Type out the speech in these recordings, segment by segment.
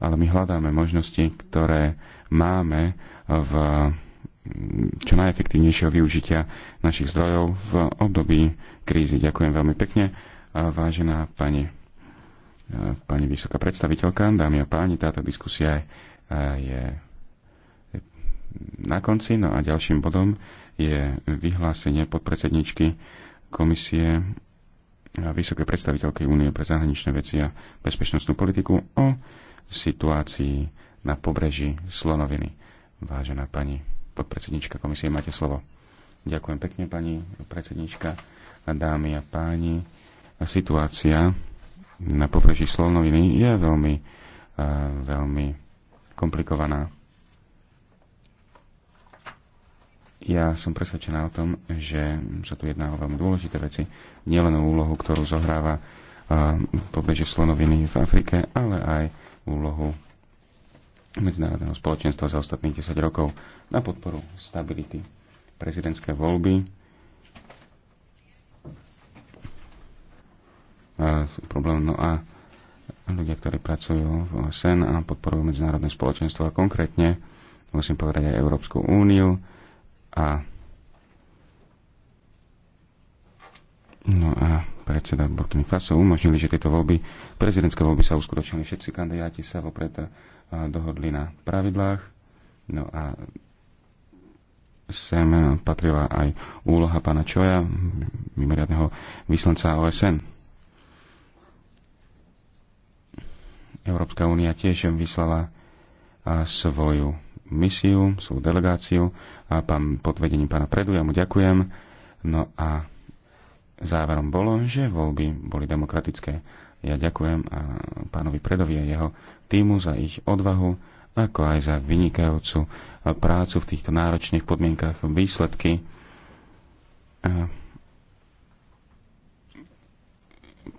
ale my hľadáme možnosti, ktoré máme v čo najefektívnejšieho využitia našich zdrojov v období krízy. Ďakujem veľmi pekne, vážená pani, e, pani vysoká predstaviteľka, dámy a páni, táto diskusia e, je na konci. No a ďalším bodom je vyhlásenie podpredsedničky komisie a vysokej predstaviteľky Únie pre zahraničné veci a bezpečnostnú politiku o situácii na pobreží Slonoviny. Vážená pani podpredsednička komisie, máte slovo. Ďakujem pekne, pani predsednička, dámy a páni. Situácia na pobreží Slonoviny je veľmi, eh, veľmi komplikovaná. Ja som presvedčená o tom, že sa tu jedná o veľmi dôležité veci. Nielen o úlohu, ktorú zohráva eh, pobreží Slonoviny v Afrike, ale aj úlohu medzinárodného spoločenstva za ostatných 10 rokov na podporu stability. Prezidentské voľby sú problém. No a ľudia, ktorí pracujú v OSN a podporujú medzinárodné spoločenstvo a konkrétne musím povedať aj Európsku úniu a no a predseda Burkina Faso umožnili, že tieto voľby, prezidentské voľby sa uskutočnili. Všetci kandidáti sa vopred dohodli na pravidlách. No a sem patrila aj úloha pána Čoja, mimoriadného vyslanca OSN. Európska únia tiež vyslala svoju misiu, svoju delegáciu a pán pod vedením pána Predu, ja mu ďakujem. No a záverom bolo, že voľby boli demokratické. Ja ďakujem a pánovi Predovi a jeho týmu za ich odvahu, ako aj za vynikajúcu prácu v týchto náročných podmienkach, výsledky.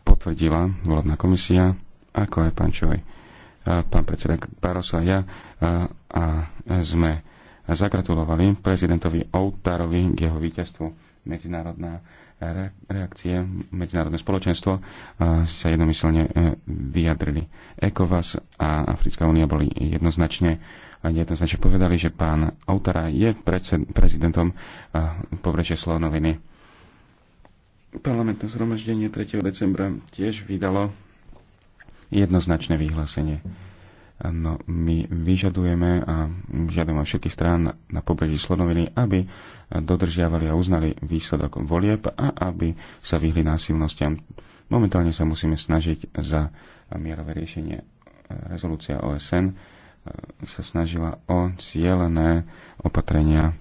Potvrdila volebná komisia, ako aj pán Čoj, pán predseda Baroso a ja, a sme zagratulovali prezidentovi Outarovi k jeho víťazstvu medzinárodná reakcie medzinárodné spoločenstvo sa jednomyselne e, vyjadrili. ECOWAS a Africká únia boli jednoznačne, jednoznačne povedali, že pán Autara je prezidentom povrečie Slonoviny. Parlamentné zhromaždenie 3. decembra tiež vydalo jednoznačné vyhlásenie. No, my vyžadujeme a žiadame všetkých strán na pobreží Slonoviny, aby dodržiavali a uznali výsledok volieb a aby sa vyhli násilnostiam. Momentálne sa musíme snažiť za mierové riešenie. Rezolúcia OSN e, sa snažila o cieľené opatrenia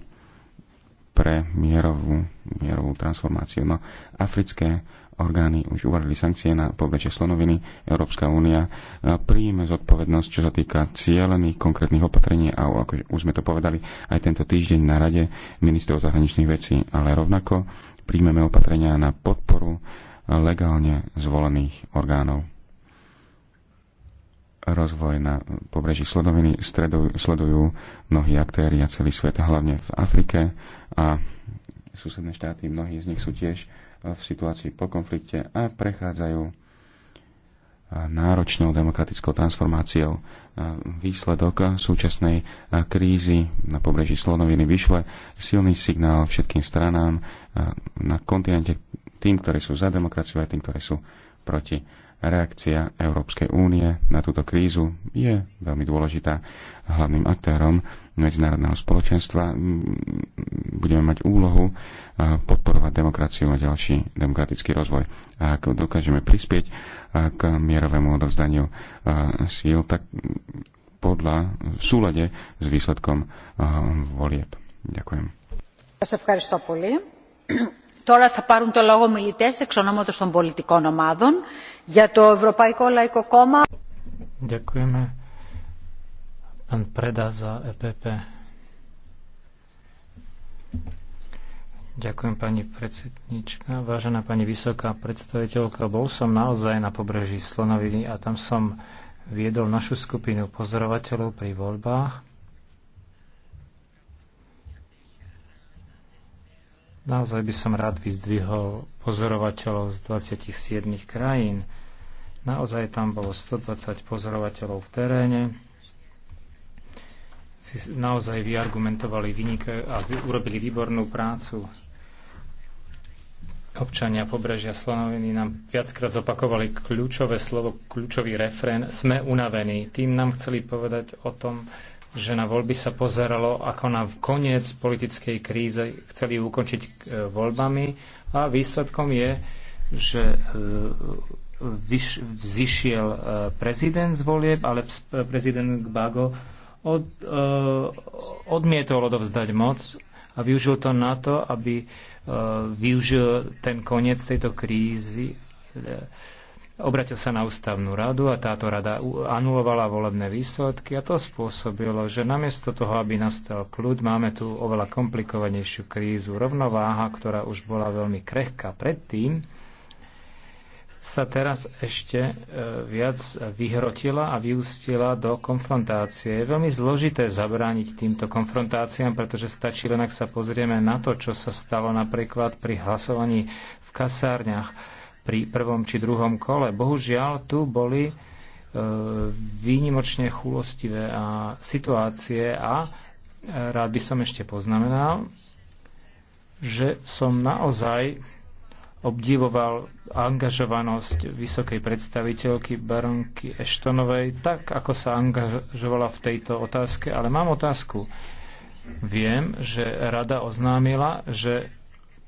pre mierovú, mierovú transformáciu. No, africké orgány už uvalili sankcie na povlečie slonoviny. Európska únia e, príjme zodpovednosť, čo sa týka cieľených konkrétnych opatrení a ako už sme to povedali aj tento týždeň na Rade ministrov zahraničných vecí, ale rovnako príjmeme opatrenia na podporu legálne zvolených orgánov. Rozvoj na pobreží Slonoviny sledujú mnohí aktéry a celý svet, hlavne v Afrike a susedné štáty, mnohí z nich sú tiež v situácii po konflikte a prechádzajú náročnou demokratickou transformáciou. Výsledok súčasnej krízy na pobreží Slonoviny vyšle silný signál všetkým stranám na kontinente, tým, ktorí sú za demokraciu a tým, ktorí sú proti. Reakcia Európskej únie na túto krízu je veľmi dôležitá. Hlavným aktérom medzinárodného spoločenstva budeme mať úlohu eh, podporovať demokraciu a ďalší demokratický rozvoj. A ak dokážeme prispieť eh, k mierovému odovzdaniu eh, síl, tak podľa v súlade s výsledkom volieb. Ďakujem. Τώρα θα πάρουν το λόγο μιλητέ εξ ονόματο των πολιτικών ομάδων για το Ευρωπαϊκό Λαϊκό Κόμμα. Ďakujeme. Pán Πρέντα, za EPP. Ďakujem pani predsednička. Vážená pani vysoká predstaviteľka, bol som naozaj na pobreží Slonoviny a tam som viedol našu skupinu pozorovateľov pri voľbách. Naozaj by som rád vyzdvihol pozorovateľov z 27 krajín. Naozaj tam bolo 120 pozorovateľov v teréne, si naozaj vyargumentovali vynike a urobili výbornú prácu. Občania pobrežia Slonoviny nám viackrát zopakovali kľúčové slovo, kľúčový refrén Sme unavení. Tým nám chceli povedať o tom, že na voľby sa pozeralo ako na koniec politickej kríze. Chceli ukončiť e, voľbami a výsledkom je, že e, vyš, vzýšiel e, prezident z volieb, ale prezident Gbago od, e, odmietol odovzdať moc a využil to na to, aby e, využil ten koniec tejto krízy. E, obratil sa na ústavnú radu a táto rada anulovala volebné výsledky a to spôsobilo, že namiesto toho, aby nastal kľud, máme tu oveľa komplikovanejšiu krízu. Rovnováha, ktorá už bola veľmi krehká predtým, sa teraz ešte e, viac vyhrotila a vyústila do konfrontácie. Je veľmi zložité zabrániť týmto konfrontáciám, pretože stačí len, ak sa pozrieme na to, čo sa stalo napríklad pri hlasovaní v kasárňach pri prvom či druhom kole. Bohužiaľ, tu boli e, výnimočne chulostivé a situácie a e, rád by som ešte poznamenal, že som naozaj obdivoval angažovanosť vysokej predstaviteľky baronky Eštonovej, tak ako sa angažovala v tejto otázke. Ale mám otázku. Viem, že rada oznámila, že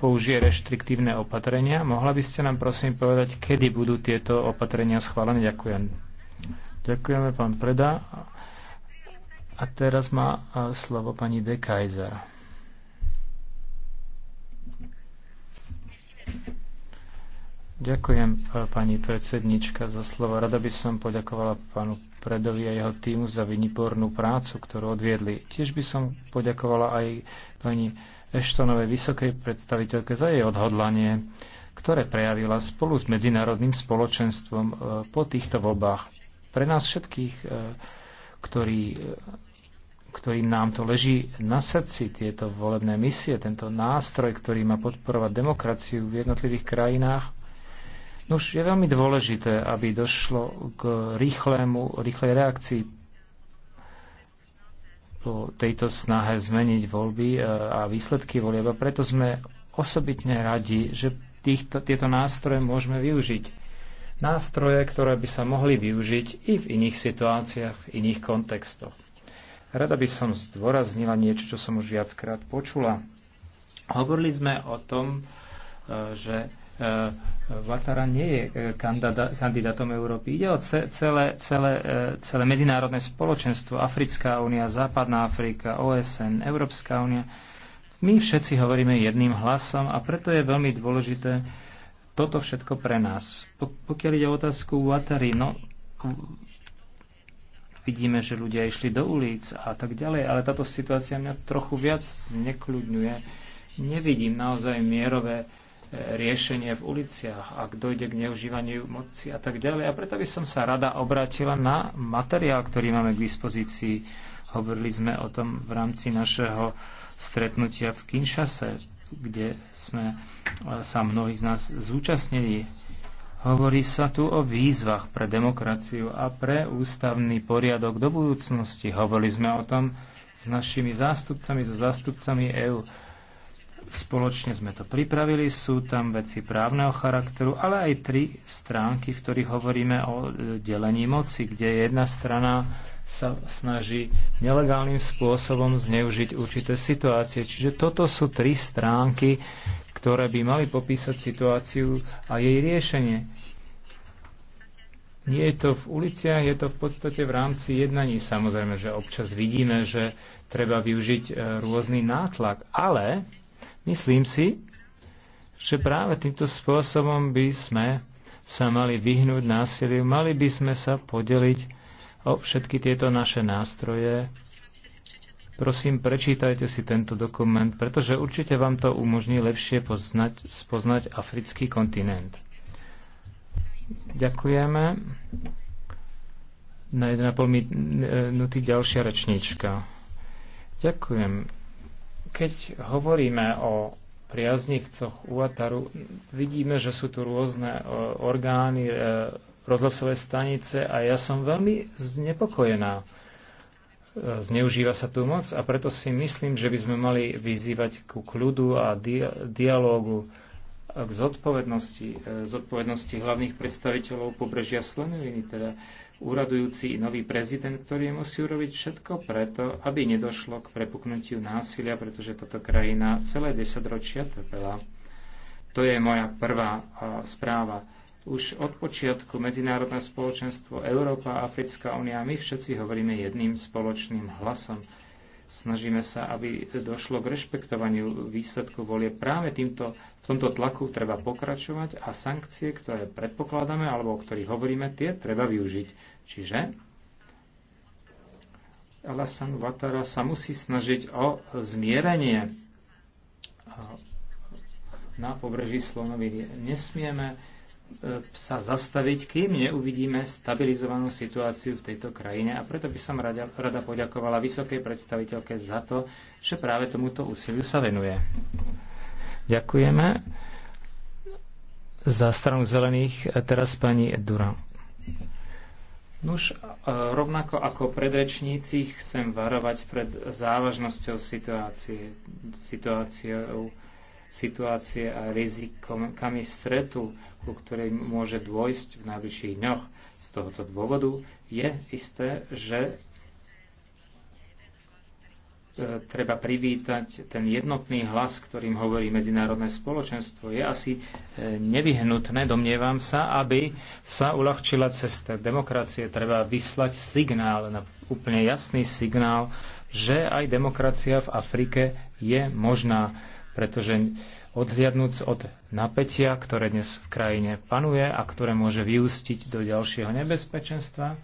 použije reštriktívne opatrenia. Mohla by ste nám prosím povedať, kedy budú tieto opatrenia schválené? Ďakujem. Ďakujeme, pán Preda. A teraz má slovo pani De Kaiser. Ďakujem, e, pani predsednička, za slovo. Rada by som poďakovala pánu Predovi a jeho týmu za vynipornú prácu, ktorú odviedli. Tiež by som poďakovala aj pani Eštonovej vysokej predstaviteľke za jej odhodlanie, ktoré prejavila spolu s medzinárodným spoločenstvom e, po týchto voľbách. Pre nás všetkých, e, ktorí, ktorým nám to leží na srdci, tieto volebné misie, tento nástroj, ktorý má podporovať demokraciu v jednotlivých krajinách, Nož je veľmi dôležité, aby došlo k rýchlemu, rýchlej reakcii po tejto snahe zmeniť voľby e, a výsledky volieb. A preto sme osobitne radi, že týchto, tieto nástroje môžeme využiť. Nástroje, ktoré by sa mohli využiť i v iných situáciách, v iných kontextoch. Rada by som zdôraznila niečo, čo som už viackrát počula. Hovorili sme o tom, e, že Vatara nie je e, kandidátom Európy. Ide o celé, celé, e, celé medzinárodné spoločenstvo, Africká únia, Západná Afrika, OSN, Európska únia. My všetci hovoríme jedným hlasom a preto je veľmi dôležité toto všetko pre nás. Pokiaľ ide o otázku Vatary, no vidíme, že ľudia išli do ulic a tak ďalej, ale táto situácia mňa trochu viac znekľudňuje. Nevidím naozaj mierové riešenie v uliciach, ak dojde k neužívaniu moci a tak ďalej. A preto by som sa rada obrátila na materiál, ktorý máme k dispozícii. Hovorili sme o tom v rámci našeho stretnutia v Kinshase, kde sme e, sa mnohí z nás zúčastnili. Hovorí sa tu o výzvach pre demokraciu a pre ústavný poriadok do budúcnosti. Hovorili sme o tom s našimi zástupcami, so zástupcami EÚ. Spoločne sme to pripravili, sú tam veci právneho charakteru, ale aj tri stránky, v ktorých hovoríme o e, delení moci, kde jedna strana sa snaží nelegálnym spôsobom zneužiť určité situácie. Čiže toto sú tri stránky, ktoré by mali popísať situáciu a jej riešenie. Nie je to v uliciach, je to v podstate v rámci jednaní. Samozrejme, že občas vidíme, že treba využiť e, rôzny nátlak, ale Myslím si, že práve týmto spôsobom by sme sa mali vyhnúť násiliu, mali by sme sa podeliť o všetky tieto naše nástroje. Prosím, prečítajte si tento dokument, pretože určite vám to umožní lepšie poznať, spoznať africký kontinent. Ďakujeme. Na 1,5 minúty e, ďalšia rečníčka. Ďakujem. Keď hovoríme o priaznivcoch Ataru, vidíme, že sú tu rôzne e, orgány, e, rozhlasové stanice a ja som veľmi znepokojená. E, zneužíva sa tu moc a preto si myslím, že by sme mali vyzývať ku kľudu a dialógu k zodpovednosti, zodpovednosti hlavných predstaviteľov pobrežia Sleneviny, teda úradujúci i nový prezident, ktorý musí urobiť všetko preto, aby nedošlo k prepuknutiu násilia, pretože táto krajina celé desaťročia trpela. To je moja prvá správa. Už od počiatku medzinárodné spoločenstvo Európa, Africká únia, my všetci hovoríme jedným spoločným hlasom. Snažíme sa, aby došlo k rešpektovaniu výsledku volie. Práve týmto, v tomto tlaku treba pokračovať a sankcie, ktoré predpokladáme alebo o ktorých hovoríme, tie treba využiť. Čiže Alasan Vatara sa musí snažiť o zmierenie na pobreží Slonoviny. Nesmieme sa zastaviť, kým neuvidíme stabilizovanú situáciu v tejto krajine. A preto by som rada, rada poďakovala vysokej predstaviteľke za to, že práve tomuto úsiliu sa venuje. Ďakujeme. Za stranu zelených e, teraz pani Dura. Nuž, e, rovnako ako predrečníci chcem varovať pred závažnosťou situácie, situáciou, situácie a rizikami stretu ku ktorej môže dôjsť v najbližších dňoch. Z tohoto dôvodu je isté, že e, treba privítať ten jednotný hlas, ktorým hovorí medzinárodné spoločenstvo. Je asi e, nevyhnutné, domnievam sa, aby sa uľahčila cesta demokracie. Treba vyslať signál, úplne jasný signál, že aj demokracia v Afrike je možná pretože odhliadnúc od napätia, ktoré dnes v krajine panuje a ktoré môže vyústiť do ďalšieho nebezpečenstva,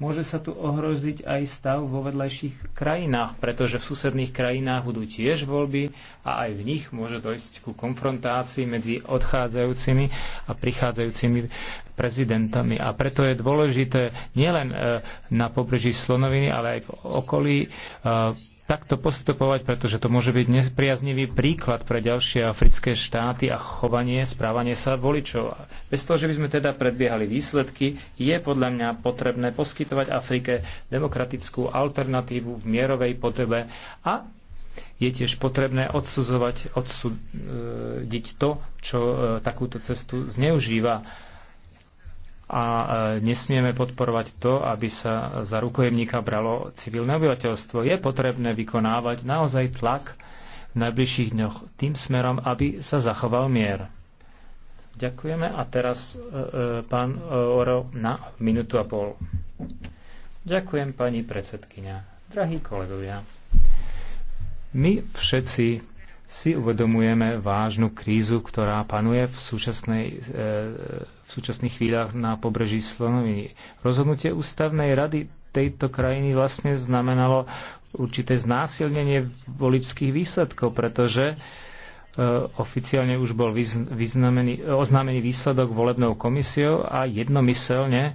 môže sa tu ohroziť aj stav vo vedľajších krajinách, pretože v susedných krajinách budú tiež voľby a aj v nich môže dojsť ku konfrontácii medzi odchádzajúcimi a prichádzajúcimi prezidentami. A preto je dôležité nielen e, na pobreží Slonoviny, ale aj v okolí e, takto postupovať, pretože to môže byť nepriaznivý príklad pre ďalšie africké štáty a chovanie, správanie sa voličov. Bez toho, že by sme teda predbiehali výsledky, je podľa mňa potrebné poskytovať Afrike demokratickú alternatívu v mierovej potrebe a je tiež potrebné odsudzovať, odsudiť e, to, čo takúto cestu zneužíva a e, nesmieme podporovať to, aby sa za rukojemníka bralo civilné obyvateľstvo. Je potrebné vykonávať naozaj tlak v najbližších dňoch tým smerom, aby sa zachoval mier. Ďakujeme a teraz e, e pán e, Oro na minútu a pol. Ďakujem pani predsedkynia. Drahí kolegovia, my všetci si uvedomujeme vážnu krízu, ktorá panuje v, súčasnej, e, v súčasných chvíľach na pobreží Slonoviny. Rozhodnutie ústavnej rady tejto krajiny vlastne znamenalo určité znásilnenie voličských výsledkov, pretože e, oficiálne už bol vyznamený, oznámený výsledok volebnou komisiou a jednomyselne e,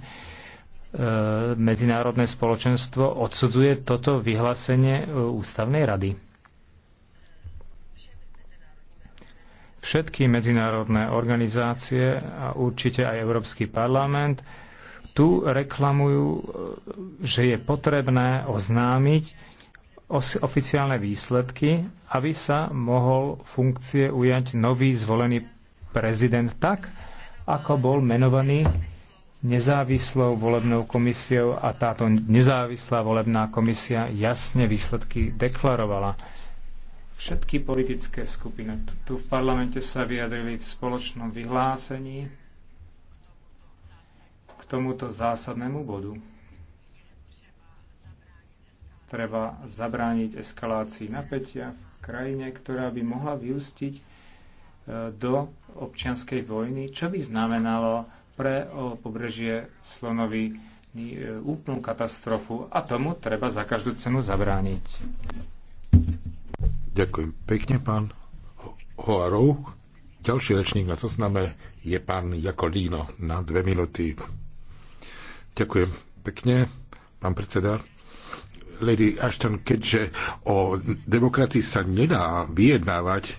medzinárodné spoločenstvo odsudzuje toto vyhlásenie ústavnej rady. všetky medzinárodné organizácie a určite aj Európsky parlament tu reklamujú, e, že je potrebné oznámiť oficiálne výsledky, aby sa mohol funkcie ujať nový zvolený prezident tak, ako bol menovaný nezávislou volebnou komisiou a táto nezávislá volebná komisia jasne výsledky deklarovala. Všetky politické skupiny tu v parlamente sa vyjadrili v spoločnom vyhlásení k tomuto zásadnému bodu. Treba zabrániť eskalácii napätia v krajine, ktorá by mohla vyústiť e, do občianskej vojny, čo by znamenalo pre pobrežie Slonovy e, úplnú katastrofu a tomu treba za každú cenu zabrániť. Ďakujem pekne, pán Hoarov. Ďalší rečník na zozname je pán Jakolíno na dve minúty. Ďakujem pekne, pán predseda. Lady Ashton, keďže o demokracii sa nedá vyjednávať,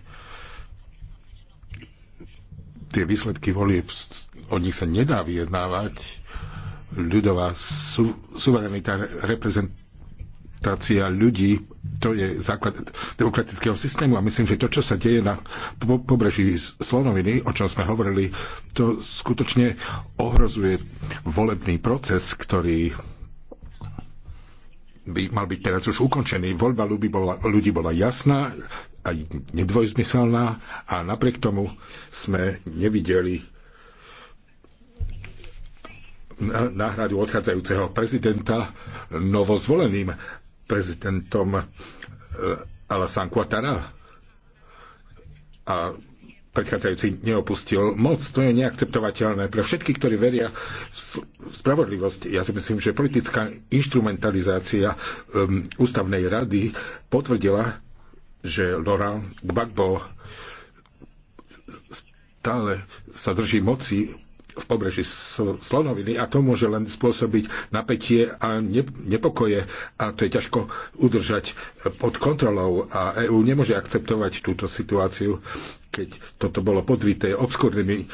tie výsledky volieb, od nich sa nedá vyjednávať, ľudová su- suverenita reprezentuje reprezentácia ľudí, to je základ demokratického systému a myslím, že to, čo sa deje na pobreží Slonoviny, o čom sme hovorili, to skutočne ohrozuje volebný proces, ktorý by mal byť teraz už ukončený. Voľba ľudí bola, ľudí bola jasná, aj nedvojzmyselná a napriek tomu sme nevideli náhradu odchádzajúceho prezidenta novozvoleným prezidentom eh, Alassane Ouattara a predchádzajúci neopustil moc. To je neakceptovateľné pre všetky, ktorí veria v spravodlivosť. Ja si myslím, že politická instrumentalizácia um, ústavnej rady potvrdila, že Laurent Gbagbo stále sa drží moci v pobreží Slonoviny a to môže len spôsobiť napätie a nepokoje a to je ťažko udržať eh, pod kontrolou a EÚ nemôže akceptovať túto situáciu, keď toto bolo podvité obskúrnymi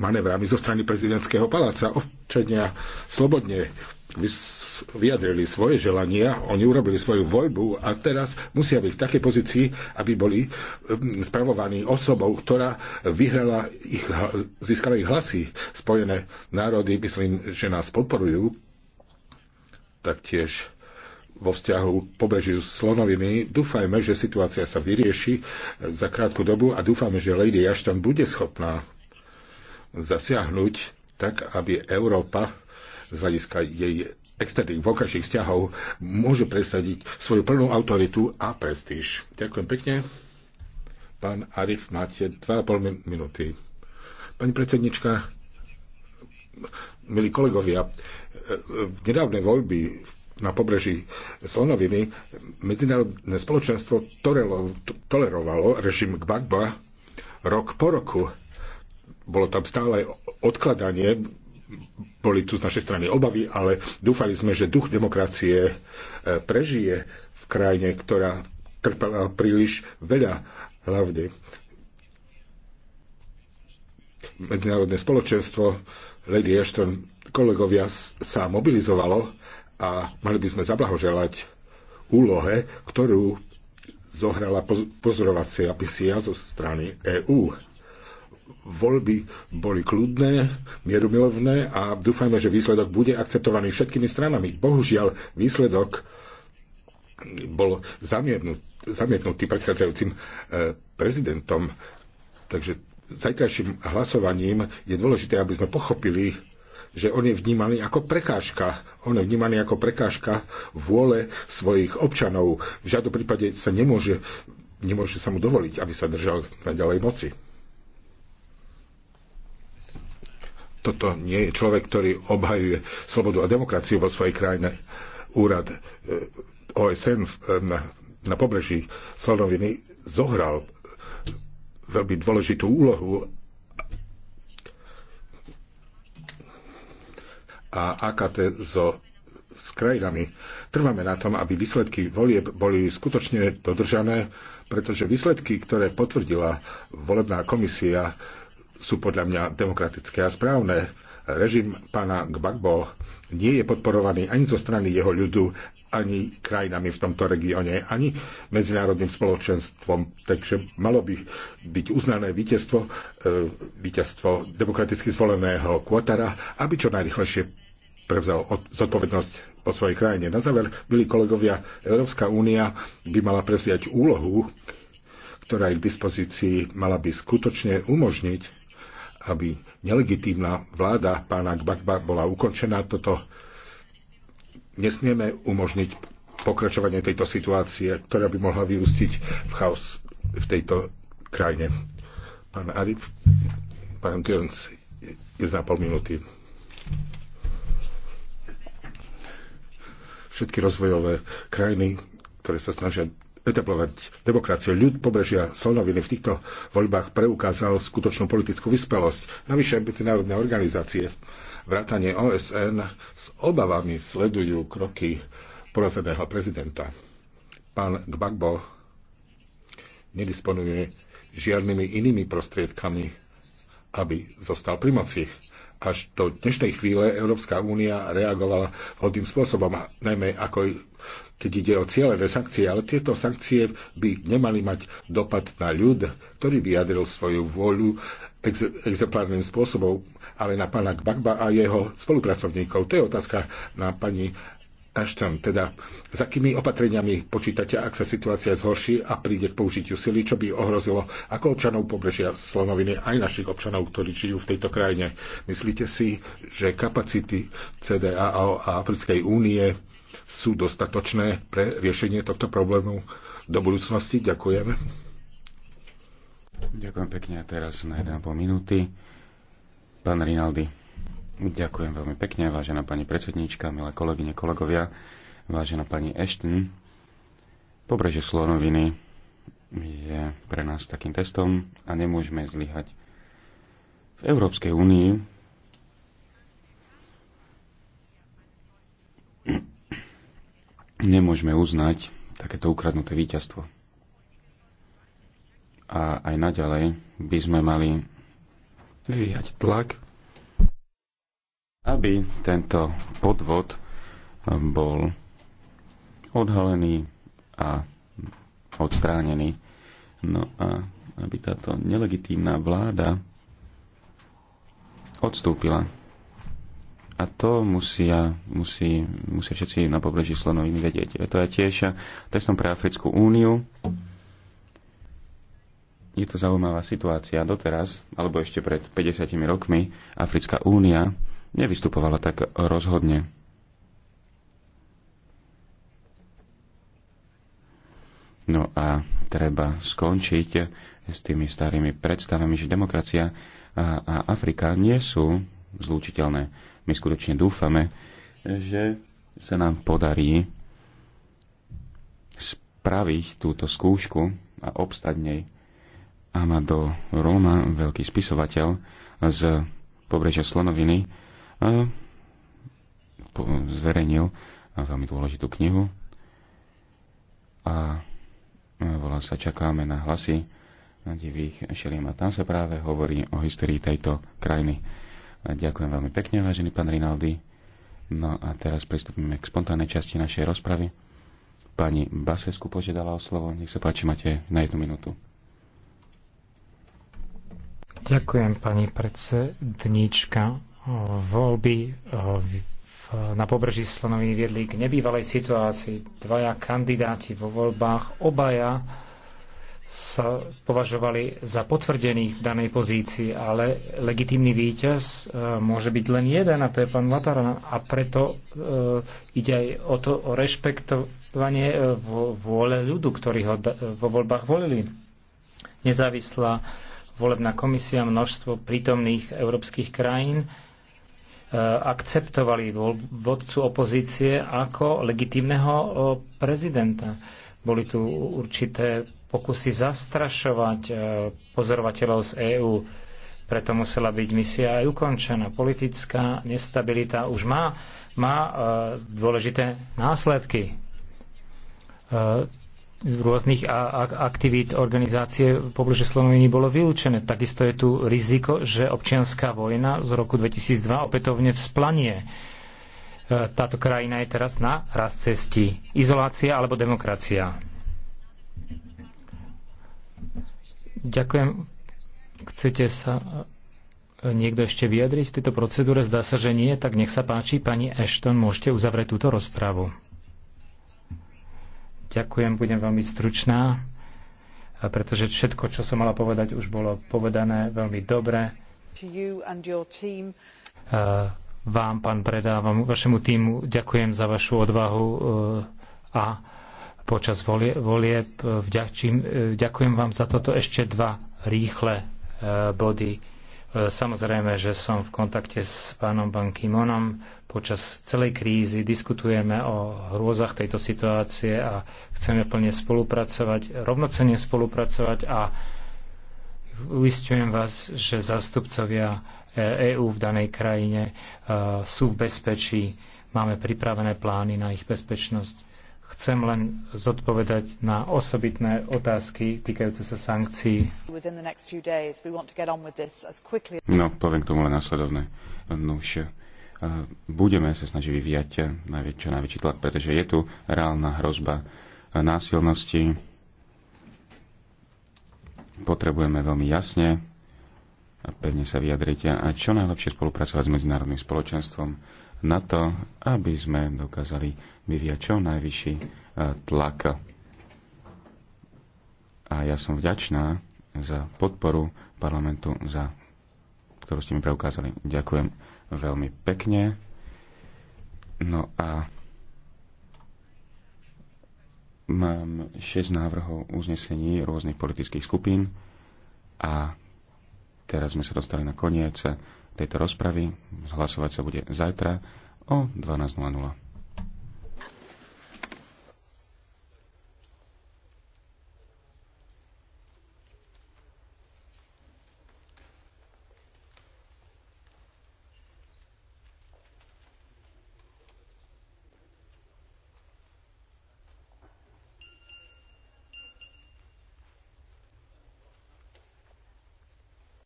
manévrami zo strany prezidentského paláca. Občania slobodne vyjadrili svoje želania, oni urobili svoju voľbu a teraz musia byť v takej pozícii, aby boli um, spravovaní osobou, ktorá vyhrala ich, získala ich hlasy. Spojené národy, myslím, že nás podporujú taktiež vo vzťahu pobrežiu Slonoviny. Dúfajme, že situácia sa vyrieši eh, za krátku dobu a dúfame, že Lady Ashton bude schopná zasiahnuť tak, aby Európa z hľadiska jej externých vonkajších vzťahov môže presadiť svoju plnú autoritu a prestíž. Ďakujem pekne. Pán Arif, máte 2,5 minúty. Pani predsednička, milí kolegovia, nedávne voľby na pobreží Slonoviny medzinárodné spoločenstvo tolerovalo režim Gbagba rok po roku. Bolo tam stále odkladanie boli tu z našej strany obavy, ale dúfali sme, že duch demokracie e, prežije v krajine, ktorá trpela príliš veľa, hlavne medzinárodné spoločenstvo, Lady Ashton, kolegovia sa mobilizovalo a mali by sme zablahoželať úlohe, ktorú zohrala pozorovacia misia zo strany EÚ voľby boli kľudné, mierumilovné a dúfajme, že výsledok bude akceptovaný všetkými stranami. Bohužiaľ, výsledok bol zamietnut, zamietnutý predchádzajúcim eh, prezidentom. Takže zajtrajším hlasovaním je dôležité, aby sme pochopili, že on je vnímaný ako prekážka. On je vnímaný ako prekážka vôle svojich občanov. V žiadnom prípade sa nemôže, nemôže sa mu dovoliť, aby sa držal na ďalej moci. toto nie je človek, ktorý obhajuje slobodu a demokraciu vo svojej krajine. Úrad e, OSN e, na, na pobreží Slonoviny zohral veľmi dôležitú úlohu a AKT so s krajinami. Trváme na tom, aby výsledky volieb boli skutočne dodržané, pretože výsledky, ktoré potvrdila volebná komisia, sú podľa mňa demokratické a správne. Režim pána Gbagbo nie je podporovaný ani zo strany jeho ľudu, ani krajinami v tomto regióne, ani medzinárodným spoločenstvom. Takže malo by byť uznané víťazstvo, e, víťazstvo demokraticky zvoleného kvotara, aby čo najrychlejšie prevzal zodpovednosť po svojej krajine. Na záver, milí kolegovia, Európska únia by mala prevziať úlohu, ktorá je k dispozícii, mala by skutočne umožniť aby nelegitímna vláda pána Gbagba bola ukončená. Toto nesmieme umožniť pokračovanie tejto situácie, ktorá by mohla vyústiť v chaos v tejto krajine. Pán Arif, pán Gönc, pol minúty. Všetky rozvojové krajiny, ktoré sa snažia etablovať demokraciu. Ľud pobrežia Slonoviny v týchto voľbách preukázal skutočnú politickú vyspelosť. Navyše medzinárodné organizácie vrátanie OSN s obavami sledujú kroky porazeného prezidenta. Pán Gbagbo nedisponuje žiadnymi inými prostriedkami, aby zostal pri moci. Až do dnešnej chvíle Európska únia reagovala hodným spôsobom, najmä ako keď ide o cieľové sankcie, ale tieto sankcie by nemali mať dopad na ľud, ktorý vyjadril svoju vôľu ex- exemplárnym spôsobom, ale na pána Gbagba a jeho spolupracovníkov. To je otázka na pani Ashton, teda za akými opatreniami počítate, ak sa situácia zhorší a príde k použitiu sily, čo by ohrozilo ako občanov pobrežia Slonoviny, aj našich občanov, ktorí žijú v tejto krajine. Myslíte si, že kapacity CDA a Africkej únie sú dostatočné pre riešenie tohto problému do budúcnosti. Ďakujem. Ďakujem pekne. A teraz na 1,5 minúty. Pán Rinaldi. Ďakujem veľmi pekne, vážená pani predsedníčka, milé kolegyne, kolegovia, vážená pani Ashton. Pobreže Slonoviny je pre nás takým testom a nemôžeme zlyhať. V Európskej únii nemôžeme uznať takéto ukradnuté víťazstvo. A aj naďalej by sme mali vyvíjať tlak, aby tento podvod bol odhalený a odstránený. No a aby táto nelegitímna vláda odstúpila a to musia, musí, musia všetci na pobreží Slonoviny vedieť. To je tiež testom pre Africkú úniu. Je to zaujímavá situácia. Doteraz, alebo ešte pred 50 rokmi, Africká únia nevystupovala tak rozhodne. No a treba skončiť s tými starými predstavami, že demokracia a, a Afrika nie sú zlúčiteľné. My skutočne dúfame, že sa nám podarí spraviť túto skúšku a obstať nej. Amado Roma, veľký spisovateľ z pobrežia Slonoviny, zverejnil veľmi dôležitú knihu a volá sa Čakáme na hlasy na divých šeliem. A tam sa práve hovorí o histórii tejto krajiny. Ďakujem veľmi pekne, vážený pán Rinaldi. No a teraz pristúpime k spontánnej časti našej rozpravy. Pani Basesku požiadala o slovo. Nech sa páči, máte na jednu minútu. Ďakujem, pani predsedníčka. Voľby eh, na pobreží Slonoviny viedli k nebývalej situácii. Dvaja kandidáti vo voľbách, obaja sa považovali za potvrdených v danej pozícii, ale legitímny víťaz e, môže byť len jeden, a to je pán Latarana. A preto e, ide aj o to, o rešpektovanie e, vôle ľudu, ktorí ho vo voľbách volili. Nezávislá volebná komisia, množstvo prítomných európskych krajín akceptovali vodcu opozície ako legitímneho prezidenta. Boli tu určité pokusy zastrašovať e, pozorovateľov z EÚ. Preto musela byť misia aj ukončená. Politická nestabilita už má, má e, dôležité následky e, z rôznych aktivít organizácie pobliže Sloveniny bolo vylúčené. Takisto je tu riziko, že občianská vojna z roku 2002 opätovne vzplanie. Táto krajina je teraz na raz cesti. Izolácia alebo demokracia. Ďakujem. Chcete sa e, niekto ešte vyjadriť v tejto procedúre? Zdá sa, že nie. Tak nech sa páči, pani Ashton, môžete uzavrieť túto rozprávu. Ďakujem, budem veľmi stručná, e, pretože všetko, čo som mala povedať, už bolo povedané veľmi dobre. E, vám, pán Preda, vám, vašemu týmu ďakujem za vašu odvahu a počas volieb. Vďačím, ďakujem vám za toto ešte dva rýchle e, body. E, samozrejme, že som v kontakte s pánom Ban ki Počas celej krízy diskutujeme o hrôzach tejto situácie a chceme plne spolupracovať, rovnocene spolupracovať a uistujem vás, že zástupcovia EÚ e v danej krajine sú v bezpečí. Máme pripravené plány na ich bezpečnosť Chcem len zodpovedať na osobitné otázky týkajúce sa sankcií. No, poviem k tomu len následovné. No už eh, budeme sa snažiť vyvíjať eh, najväčšie, najväčší tlak, pretože je tu reálna hrozba eh, násilnosti. Potrebujeme veľmi jasne a pevne sa vyjadriť a čo najlepšie spolupracovať s medzinárodným spoločenstvom na to, aby sme dokázali vyvíjať čo najvyšší e, tlak. A ja som vďačná za podporu parlamentu, za ktorú ste mi preukázali. Ďakujem veľmi pekne. No a mám 6 návrhov uznesení rôznych politických skupín a teraz sme sa dostali na koniec tejto rozpravy. Hlasovať sa bude zajtra o 12.00.